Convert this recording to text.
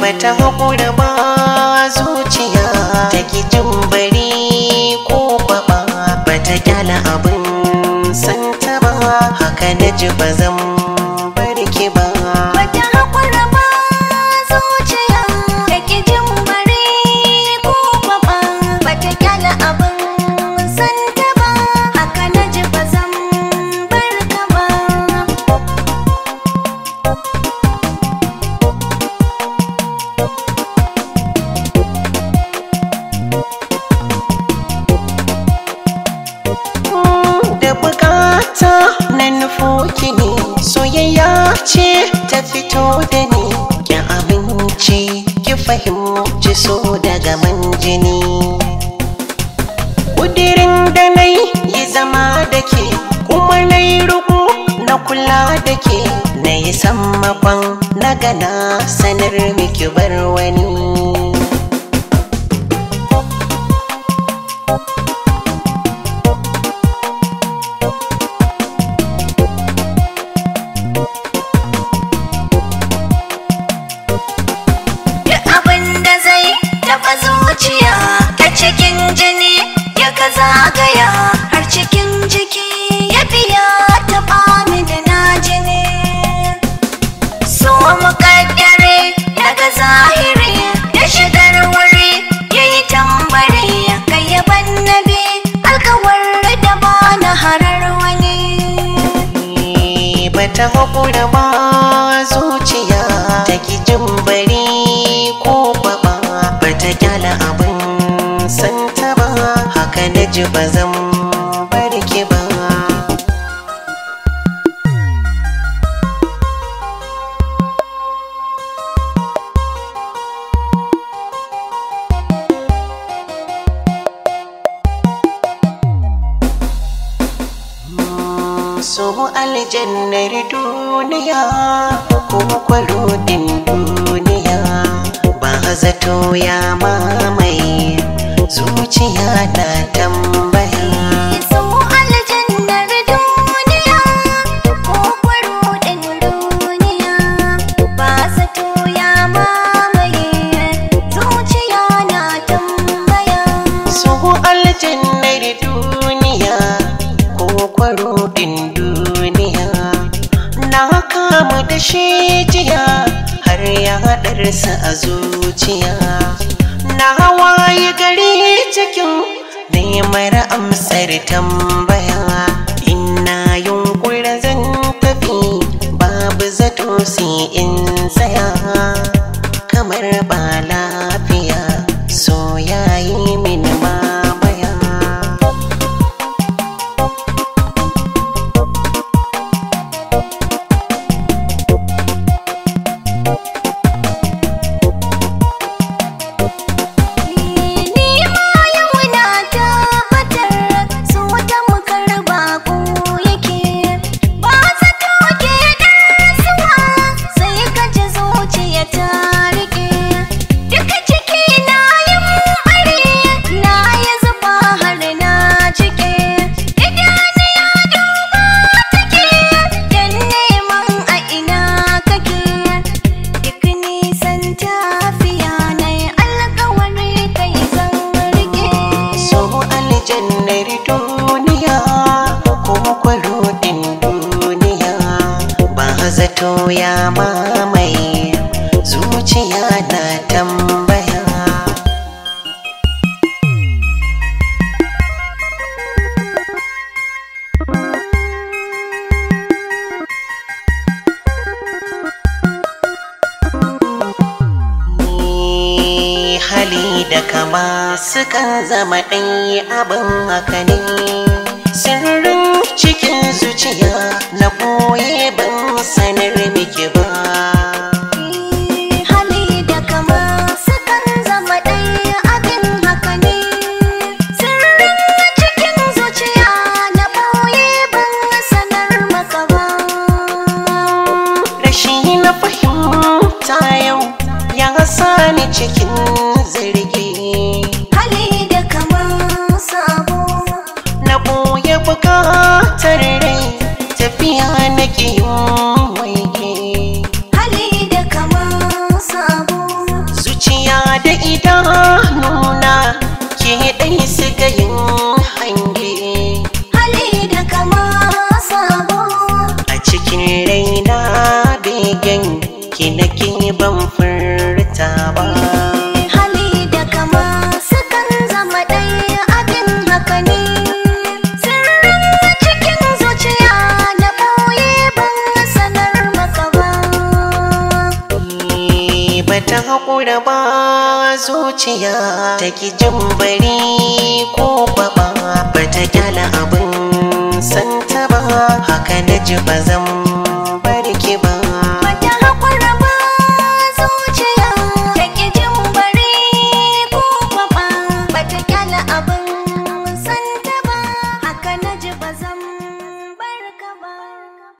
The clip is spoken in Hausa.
bata da ba zuciya ta ki jin bari ko kwaba bata kyala abin santa ba haka na ji ba zama nufo ne soyayya ce ta fito da ni ki abinci ki fahimci so daga manjini ƙudirin da na yi zama da ke kuma na yi ruku na kula da ke na yi sammakon na gana sanar miki bar wani ta da ba zuciya ta ki jin bari ko baba ba ta kyala abin santa ba haka na ji ba zama su aljannar duniya ko din duniya ba zato ya ma shi jiya har ya haɗarsa a zuciya na hawaye gari cikin neman amsar tambaya ina yunkurin zan tafi babu zato sai in tsaya kamar bala da kama sukan zama ɗanyi abin haka ne ni cikin zirgi hali da kamar sabo na ɓoye bukatar rai tafiya na kiyon ba zuciya ta ki jin bari ko baba ba ta kyala abin santa ba haka na ji ba zan barki ba